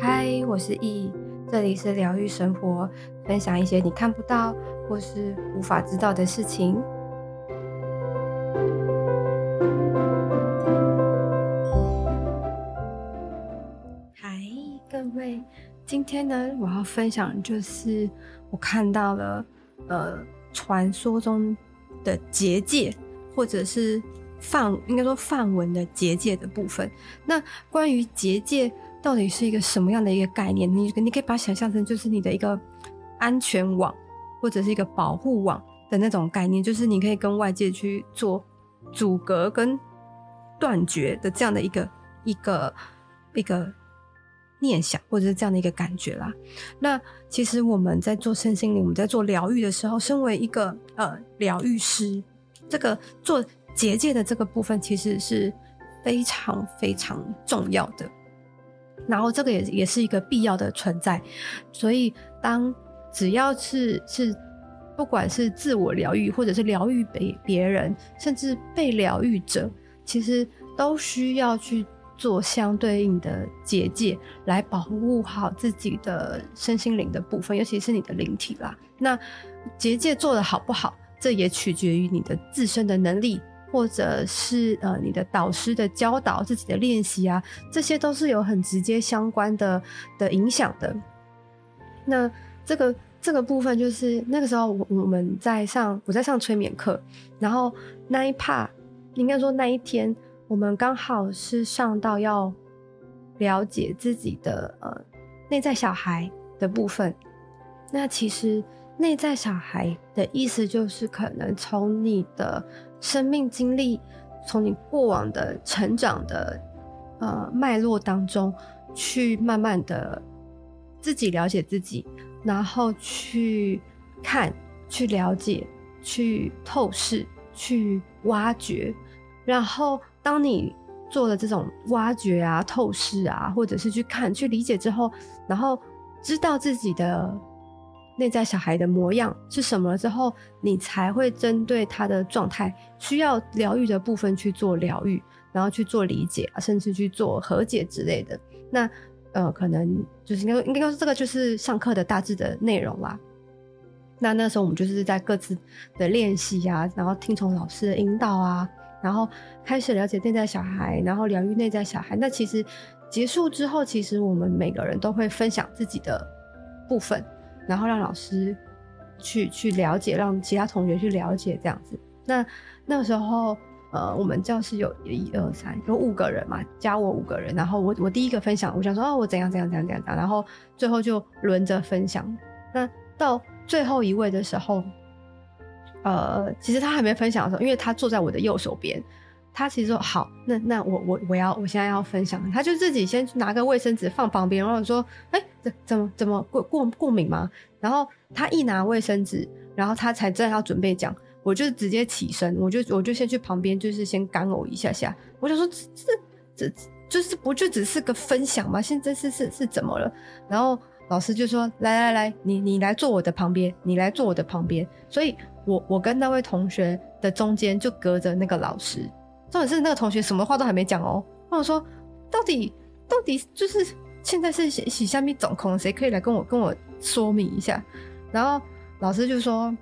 嗨，我是易。這裡是療癒生活，分享一些你看不到或是無法知道的事情。嗨，各位，今天呢，我要分享的就是我看到了呃，傳說中的結界，或者是。梵應該說梵文的結界的部分。那關於結界到底是一個什麼樣的一個概念？你你可以把它想象成就是你的一個安全網，或者是一個保護網的那種概念，就是你可以跟外界去做阻隔跟斷絕的這樣的一個一個一個念想，或者是這樣的一個感覺啦。那其實我們在做身心靈，我們在做療癒的時候，身為一個呃療癒師，這個做。結界的這個部分其實是非常非常重要的，然後這個也也是一個必要的存在。所以，當只要是是不管是自我療癒，或者是療癒別別人，甚至被療癒者，其實都需要去做相對應的結界來保護好自己的身心靈的部分，尤其是你的靈體啦。那結界做得好不好，這也取決於你的自身的能力。或者是呃，你的導師的教導、自己的練習啊，這些都是有很直接相關的的影響的。那這個這個部分，就是那個時候我我們在上，我在上催眠課，然後那一趴，應該說那一天，我們剛好是上到要了解自己的呃內在小孩的部分。那其實。內在小孩的意思就是，可能從你的生命經歷，從你過往的成長的，呃，脈絡當中，去慢慢的自己了解自己，然後去看、去了解、去透視、去挖掘，然後當你做了這種挖掘啊、透視啊，或者是去看、去理解之後，然後知道自己的。內在小孩的模樣是什麼之後，你才會針對他的狀態需要療癒的部分去做療癒，然後去做理解，甚至去做和解之類的。那呃，可能就是應該應該說這個就是上課的大致的內容啦。那那時候我們就是在各自的練習啊，然後聽從老師的引導啊，然後開始了解內在小孩，然後療癒內在小孩。那其實結束之後，其實我們每個人都會分享自己的部分。然後讓老師去去了解，讓其他同學去了解這樣子。那那個時候，呃，我們教室有一二三，有五個人嘛，加我五個人。然後我我第一個分享，我想說哦，我怎樣怎樣怎樣怎樣。然後最後就輪着分享。那到最後一位的時候，呃，其實他還沒分享的時候，因為他坐在我的右手邊。他其實說好，那那我我我要我現在要分享，他就自己先拿個衛生紙放旁邊，然後說，哎、欸，這怎麼怎麼過過過敏嗎？然後他一拿衛生紙，然後他才正要準備講，我就直接起身，我就我就先去旁邊，就是先乾嘔一下下。我想說，這這這就是不就只是個分享嗎？現在是是是怎麼了？然後老師就說，來來來，你你來坐我的旁邊，你來坐我的旁邊。所以我我跟那位同學的中間就隔着那個老師。或者是那個同學什麼話都還沒講哦？我說，到底到底就是現在是洗下面總控，誰可以來跟我跟我說明一下？然後老師就說：“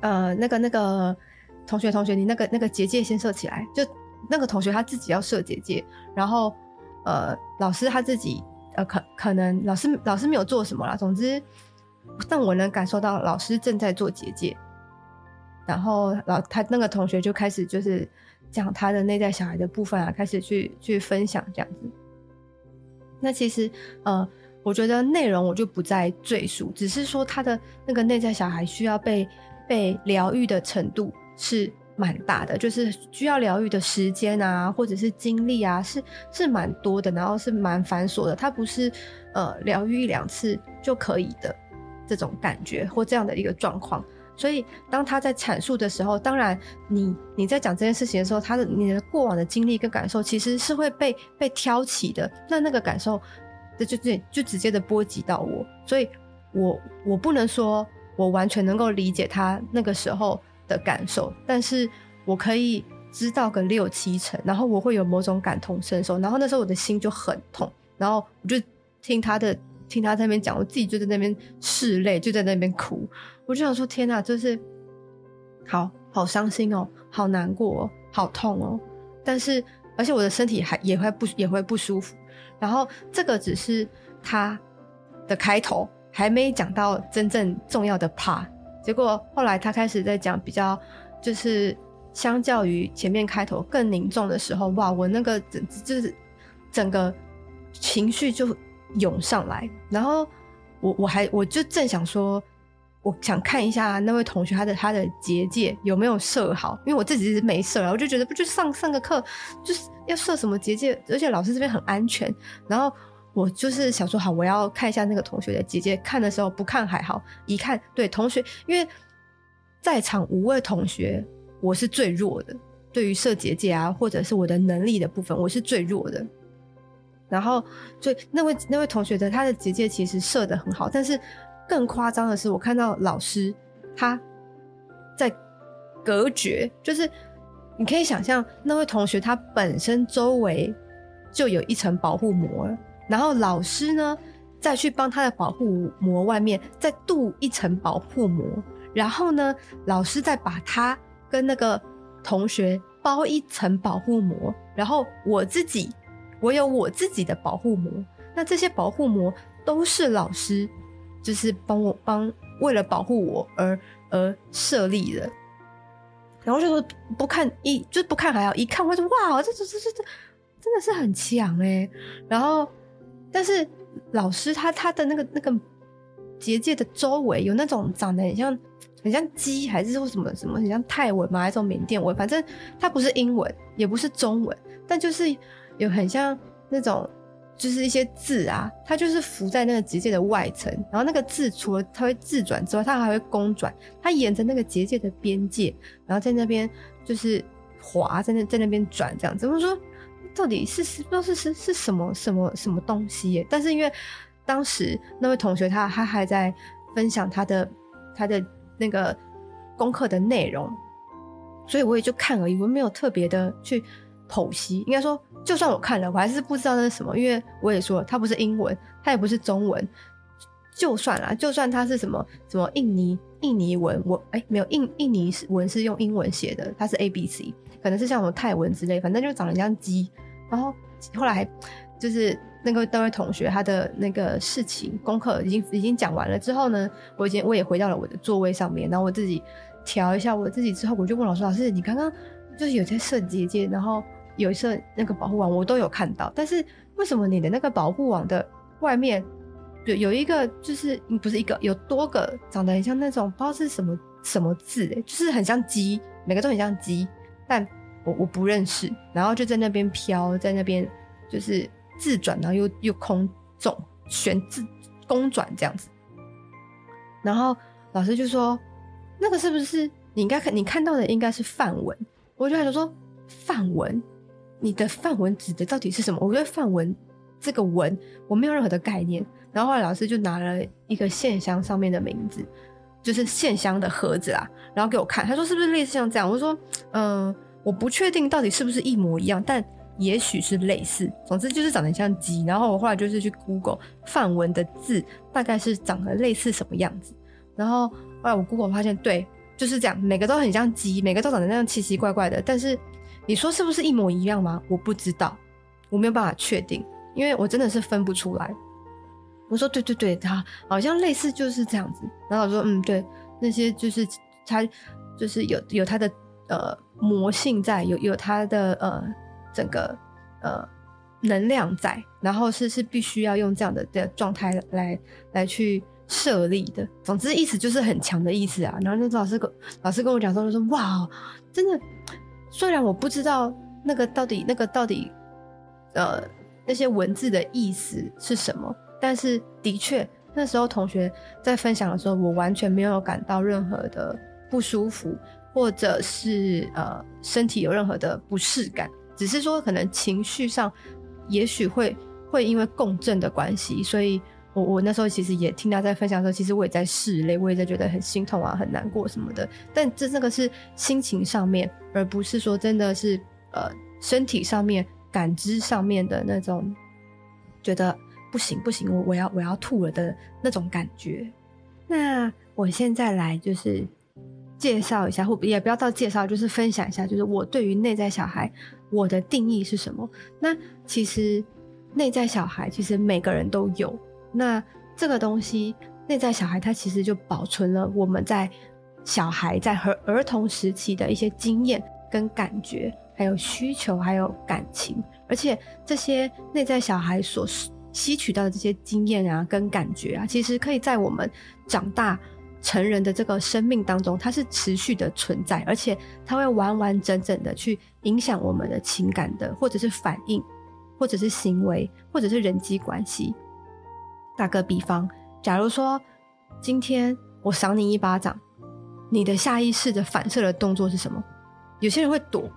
呃，那個那個同學，同學，你那個那個結界先設起來。就”就那個同學他自己要設結界，然後呃，老師他自己呃，可可能老師老師沒有做什麼啦。總之，但我能感受到老師正在做結界。然後老他那個同學就開始就是。講他的內在小孩的部分啊，開始去去分享這樣子。那其實呃，我覺得內容我就不再贅述，只是說他的那個內在小孩需要被被療癒的程度是蠻大的，就是需要療癒的時間啊，或者是精力啊，是是蠻多的，然後是蠻繁瑣的。他不是呃，療癒一兩次就可以的這種感覺，或這樣的一個狀況。所以，當他在闡述的時候，當然你，你你在講這件事情的時候，他的你的過往的經歷跟感受，其實是會被被挑起的。那那個感受，這就就直接的波及到我。所以我，我我不能說我完全能夠理解他那個時候的感受，但是我可以知道個六七成，然後我會有某種感同身受，然後那時候我的心就很痛，然後我就聽他的。聽他在那邊講，我自己就在那邊拭淚，就在那邊哭。我就想說，天哪，就是好好傷心哦，好難過哦，好痛哦。但是，而且我的身體還也會不也會不舒服。然後，這個只是他的開頭，還沒講到真正重要的 part。結果後來他開始在講比較，就是相較於前面開頭更凝重的時候，哇，我那個就是整個情緒就。湧上來，然後我我還我就正想說，我想看一下、啊、那位同學他的他的結界有沒有設好，因為我自己是沒設，我就覺得不就上上個課就是要設什麼結界，而且老師這邊很安全。然後我就是想說，好，我要看一下那個同學的結界。看的時候不看還好，一看，對，同學，因為在場五位同學，我是最弱的，對於設結界啊，或者是我的能力的部分，我是最弱的。然後，所以那位那位同學的他的結界其實設的很好，但是更誇張的是，我看到老師他在隔絕，就是你可以想象那位同學他本身周圍就有一層保護膜，然後老師呢再去幫他的保護膜外面再鍍一層保護膜，然後呢老師再把他跟那個同學包一層保護膜，然後我自己。我有我自己的保護膜，那這些保護膜都是老師，就是幫我幫為了保護我而而設立的。然後就說不看一，就不看還好，一看我就哇，這這這這這真的是很強欸！然後，但是老師他他的那個那個結界的周圍有那種長得很像很像雞還是或什麼什麼很像泰文嗎，還是這種緬甸文，反正它不是英文，也不是中文，但就是。有很像那種，就是一些字啊，它就是浮在那個結界的外層，然後那個字除了它會自轉之外，它還會公轉，它沿着那個結界的邊界，然後在那邊就是滑在那在那邊轉這樣子。我說到底是是不知道是是是什麼什麼什麼東西耶？但是因為當時那位同學他他還在分享他的他的那個功課的內容，所以我也就看而已，我沒有特別的去。剖析，應該說，就算我看了，我還是不知道那是什麼，因為我也說它不是英文，它也不是中文。就算啊就算它是什麼什麼印尼印尼文，我哎、欸、沒有印印尼文是用英文寫的，它是 A B C，可能是像什麼泰文之類，反正就長得像雞。然後後來就是那個那位同學他的那個事情功課已經已經講完了之後呢，我已經我也回到了我的座位上面，然後我自己調一下我自己之後，我就問老師：“老師，你剛剛就是有在設結界？”然後有一次那個保護網我都有看到，但是為什麼你的那個保護網的外面有，有一個就是，不是一個，有多個長得很像那種不知道是什麼什麼字誒，就是很像雞，每個都很像雞，但我，我不認識，然後就在那邊飄，在那邊就是自轉，然後又，又空中旋，自公轉這樣子，然後老師就說那個是不是，你應該看，你看到的應該是梵文，我就想說梵文。你的梵文指的到底是什麼？我覺得梵文這個文我沒有任何的概念。然後後來老師就拿了一個線香上面的名字，就是線香的盒子啦，然後給我看，他說是不是類似像這樣？我說嗯，我不確定到底是不是一模一樣，但也許是類似。總之就是長得像雞。然後我後來就是去 Google 梵文的字大概是長得類似什麼樣子。然後後來我 Google 發現，對，就是這樣，每個都很像雞，每個都長得那樣奇奇怪怪的，但是。你說是不是一模一樣嗎？我不知道，我沒有辦法確定，因為我真的是分不出來。我說對對對，他、啊、好像類似就是這樣子。然後我說嗯對，那些就是他，就是有有他的呃魔性在，有有他的呃整個呃能量在，然後是是必須要用這樣的的狀態來來去設立的。總之意思就是很強的意思啊。然後那老師跟老師跟我講說，我說哇，真的。雖然我不知道那個到底那個到底，呃，那些文字的意思是什麼，但是的確那時候同學在分享的時候，我完全沒有感到任何的不舒服，或者是呃身體有任何的不適感，只是說可能情緒上也許，也許會會因為共振的關係，所以。我，我那時候其實也聽到在分享的時候，其實我也在拭淚，我也在覺得很心痛啊，很難過什麼的。但這這、那個是心情上面，而不是說真的是呃身體上面、感知上面的那種覺得不行不行，我我要我要吐了的那種感覺。那我現在來就是介紹一下，或者也不要到介紹，就是分享一下，就是我對於內在小孩我的定義是什麼？那其實內在小孩其實每個人都有。那這個東西，內在小孩他其實就保存了我們在小孩在和兒童時期的一些經驗、跟感覺、還有需求、還有感情，而且這些內在小孩所吸取到的這些經驗啊、跟感覺啊，其實可以在我們長大成人的這個生命當中，它是持續的存在，而且它會完完整整的去影響我們的情感的，或者是反應，或者是行為，或者是人際關係。打個比方，假如說今天我賞你一巴掌，你的下意識的反射的動作是什麼？有些人會躲，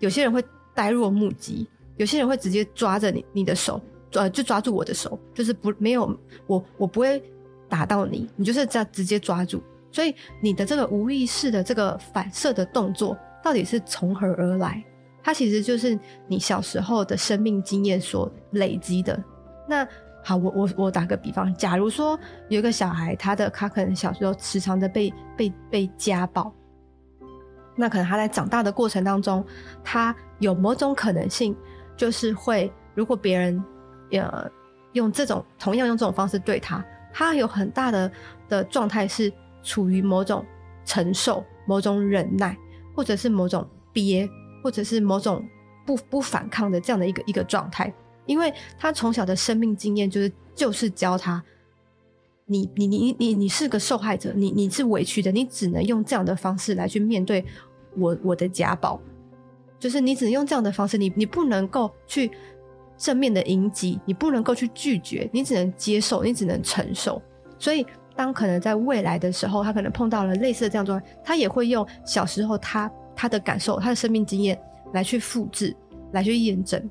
有些人會呆若木雞，有些人會直接抓着你你的手抓，就抓住我的手，就是不沒有我，我不會打到你，你就是這樣直接抓住。所以你的這個無意識的這個反射的動作到底是從何而來？它其實就是你小時候的生命經驗所累積的。那。好，我我我打個比方，假如說有一個小孩，他的他可能小時候時常的被被被家暴，那可能他在長大的過程當中，他有某種可能性就是會，如果別人，呃，用這種同樣用這種方式對他，他有很大的的狀態是處於某種承受、某種忍耐，或者是某種憋，或者是某種不不反抗的這樣的一個一個狀態。因為他從小的生命經驗就是，就是教他，你你你你你是個受害者，你你是委屈的，你只能用這樣的方式來去面對我我的家暴，就是你只能用這樣的方式，你你不能夠去正面的迎擊，你不能夠去拒絕，你只能接受，你只能承受。所以，當可能在未來的時候，他可能碰到了類似的這樣做，他也會用小時候他他的感受，他的生命經驗來去複製，來去驗證。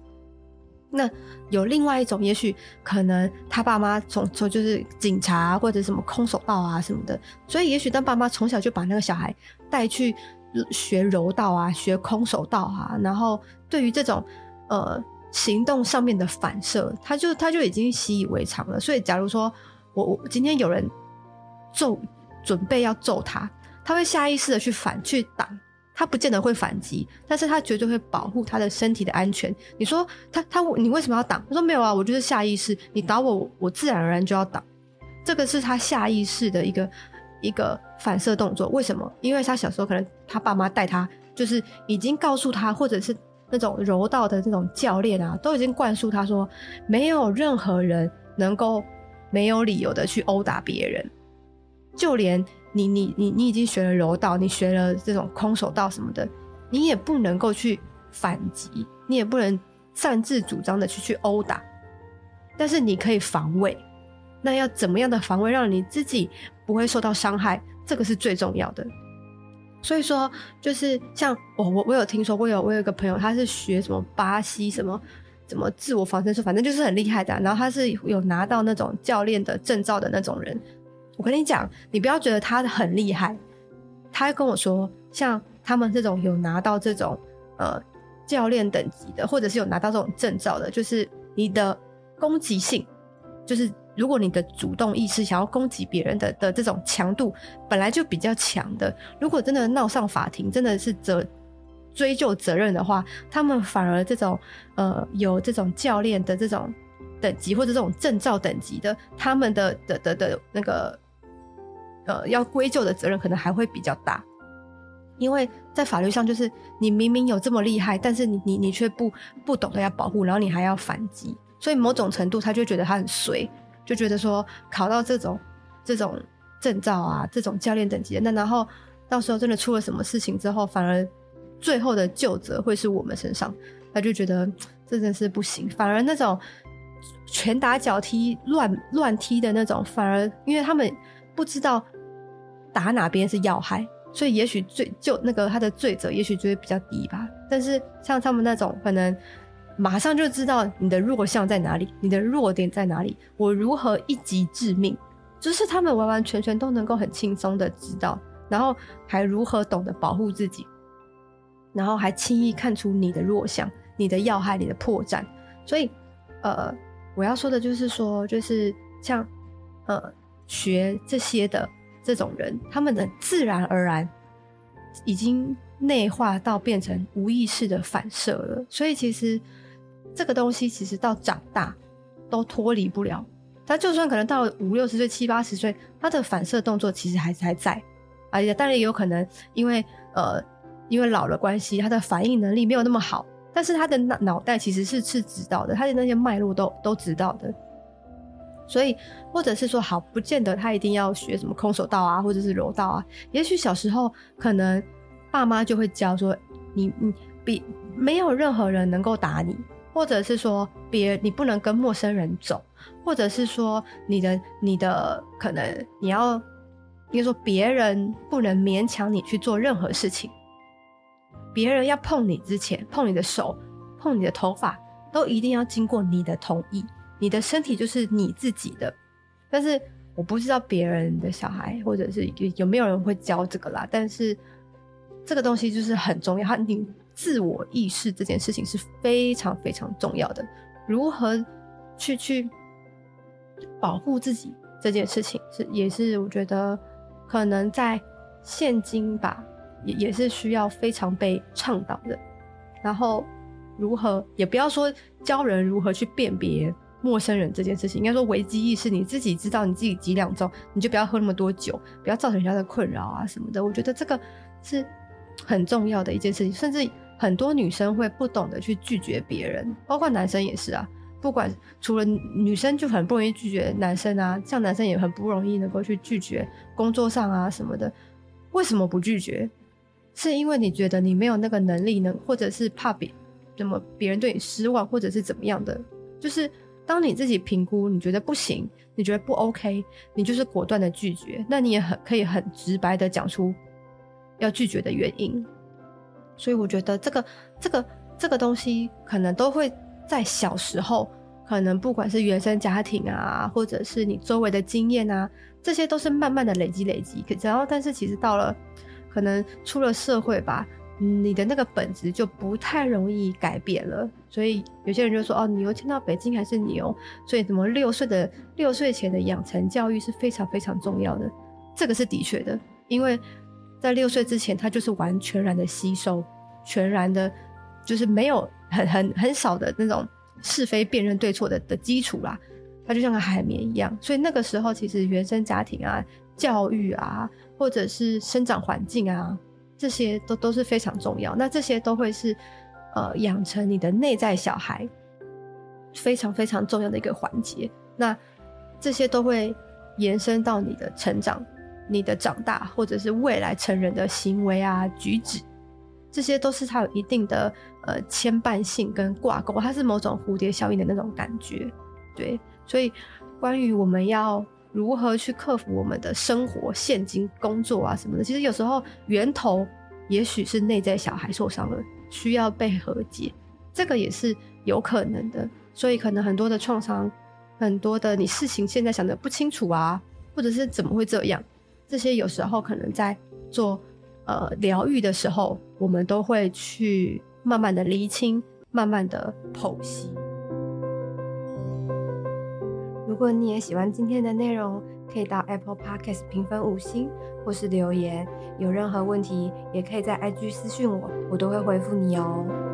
那有另外一種，也許可能他爸媽從從就是警察或者什麼空手道啊什麼的，所以也許他爸媽從小就把那個小孩帶去學柔道啊，學空手道啊，然後對於這種呃行動上面的反射，他就他就已經習以為常了。所以假如說我我今天有人揍，準備要揍他，他會下意識的去反，去擋。他不見得會反擊，但是他絕對會保護他的身體的安全。你說他他你為什麼要擋？他說沒有啊，我就是下意識，你打我，我自然而然就要擋。這個是他下意識的一個一個反射動作。為什麼？因為他小時候可能他爸媽帶他，就是已經告訴他，或者是那種柔道的這種教練啊，都已經灌輸他說，沒有任何人能夠沒有理由的去毆打別人，就連。你你你你已經學了柔道，你學了這種空手道什麼的，你也不能夠去反擊，你也不能擅自主張的去去毆打，但是你可以防衛，那要怎麼樣的防衛讓你自己不會受到傷害，這個是最重要的。所以說，就是像我我我有聽說過有我有一個朋友，他是學什麼巴西什麼什麼自我防身術，反正就是很厲害的，然後他是有拿到那種教練的證照的那種人。我跟你講，你不要覺得他很厲害。他跟我說，像他們這種有拿到這種呃教練等級的，或者是有拿到這種證照的，就是你的攻擊性，就是如果你的主動意識想要攻擊別人的的這種強度本來就比較強的，如果真的鬧上法庭，真的是責追究責任的話，他們反而這種呃有這種教練的這種。等級或者這種證照等級的，他們的的的的那個，呃，要歸咎的責任可能還會比較大，因為在法律上就是你明明有這麼厲害，但是你你你卻不不懂得要保護，然後你還要反擊，所以某種程度他就覺得他很衰，就覺得說考到這種這種證照啊，這種教練等級的，那然後到時候真的出了什麼事情之後，反而最後的究責會是我們身上，他就覺得這真是不行，反而那種。拳打腳踢亂亂踢的那種，反而因為他們不知道打哪邊是要害，所以也許罪就那個他的罪責也許就會比較低吧。但是像他們那種，可能馬上就知道你的弱項在哪裡，你的弱點在哪裡，我如何一擊致命，就是他們完完全全都能夠很輕鬆的知道，然後還如何懂得保護自己，然後還輕易看出你的弱項、你的要害、你的破綻，所以呃。我要說的就是說，就是像，呃，學這些的這種人，他們的自然而然已經內化到變成無意識的反射了。所以其實這個東西其實到長大都脫離不了。他就算可能到五六十歲、七八十歲，他的反射動作其實還還在。而且當然也有可能因為呃，因為老了關係，他的反應能力沒有那麼好。但是他的腦腦袋其實是是知道的，他的那些脈絡都都知道的，所以或者是說好，不見得他一定要學什麼空手道啊，或者是柔道啊。也許小時候可能爸媽就會教說，你你比，沒有任何人能夠打你，或者是說別你不能跟陌生人走，或者是說你的你的可能你要，應該說別人不能勉強你去做任何事情。別人要碰你之前，碰你的手，碰你的頭髮，都一定要經過你的同意。你的身體就是你自己的。但是我不知道別人的小孩，或者是有沒有人會教這個啦。但是這個東西就是很重要，他你自我意識這件事情是非常非常重要的。如何去去保護自己這件事情，是也是我覺得可能在現今吧。也是需要非常被倡導的，然後如何也不要說教人如何去辨別陌生人這件事情，應該說危機意識，你自己知道你自己幾兩重，你就不要喝那麼多酒，不要造成人家的困擾啊什麼的。我覺得這個是很重要的一件事情，甚至很多女生會不懂得去拒絕別人，包括男生也是啊。不管除了女生就很不容易拒絕男生啊，像男生也很不容易能夠去拒絕工作上啊什麼的，為什麼不拒絕？是因為你覺得你沒有那個能力呢，或者是怕別什麼，別人對你失望，或者是怎麼樣的？就是當你自己評估，你覺得不行，你覺得不 OK，你就是果斷的拒絕。那你也很可以很直白的講出要拒絕的原因。所以我覺得這個這個這個東西，可能都會在小時候，可能不管是原生家庭啊，或者是你周圍的經驗啊，這些都是慢慢的累積累積。可然後，但是其實到了。可能出了社會吧，嗯，你的那個本質就不太容易改變了，所以有些人就說哦，你又遷到北京還是牛，哦，所以怎麼六歲的六歲前的養成教育是非常非常重要的，這個是的確的，因為在六歲之前他就是完全然的吸收，全然的，就是沒有很很很少的那種是非辨認對錯的的基礎啦。它就像個海綿一樣，所以那個時候其實原生家庭啊、教育啊，或者是生長環境啊，這些都都是非常重要。那這些都會是呃，養成你的內在小孩非常非常重要的一個環節。那這些都會延伸到你的成長、你的長大，或者是未來成人的行為啊、舉止，這些都是它有一定的呃牽絆性跟掛鈎，它是某種蝴蝶效應的那種感覺，對。所以，關於我們要如何去克服我們的生活、現金、工作啊什麼的，其實有時候源頭也許是內在小孩受傷了，需要被和解，這個也是有可能的。所以，可能很多的創傷，很多的你事情現在想的不清楚啊，或者是怎麼會這樣，這些有時候可能在做呃療癒的時候，我們都會去慢慢的釐清，慢慢的剖析。如果你也喜歡今天的內容，可以到 Apple Podcast 評分五星，或是留言。有任何問題，也可以在 IG 私訊我，我都會回覆你哦。